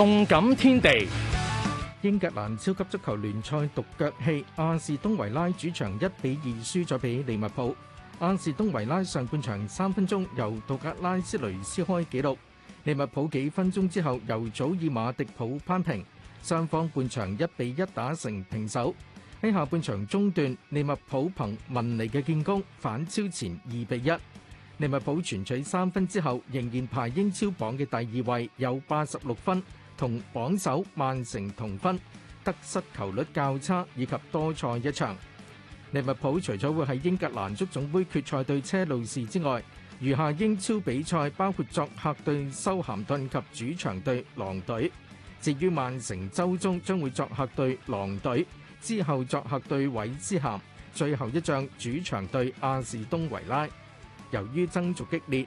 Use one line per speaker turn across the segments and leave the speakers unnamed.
動感天地，英格蘭超級足球聯賽獨腳戲，阿士東維拉主場一比二輸咗俾利物浦。阿士東維拉上半場三分鐘由杜格拉斯雷斯開紀錄，利物浦幾分鐘之後由祖爾馬迪普扳平，雙方半場一比一打成平手。喺下半場中段，利物浦憑文尼嘅建功反超前二比一，利物浦全取三分之後仍然排英超榜嘅第二位，有八十六分。同榜首曼城同分，得失球率較差，以及多賽一場。利物浦除咗會喺英格蘭足總杯決賽對車路士之外，餘下英超比賽包括作客對修咸頓及主場對狼隊。至於曼城週中將會作客對狼隊，之後作客對韋斯咸，最後一仗主場對阿士東維拉。由於爭逐激烈。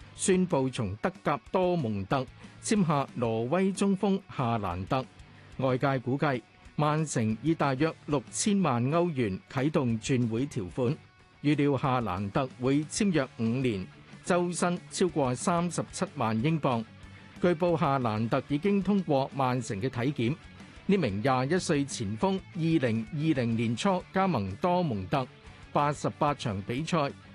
宣布從德甲多蒙特簽下挪威中鋒夏蘭特，外界估計曼城以大約六千萬歐元啟動轉會條款，預料夏蘭特會簽約五年，周薪超過三十七萬英鎊，據報夏蘭特已經通過曼城嘅體檢，呢名廿一歲前鋒二零二零年初加盟多蒙特，八十八場比賽，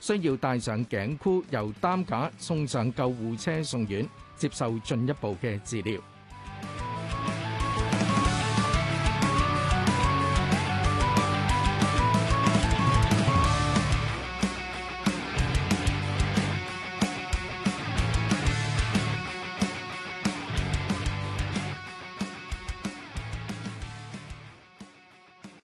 需要戴上頸箍，由擔架送上救護車送院，接受進一步嘅治療。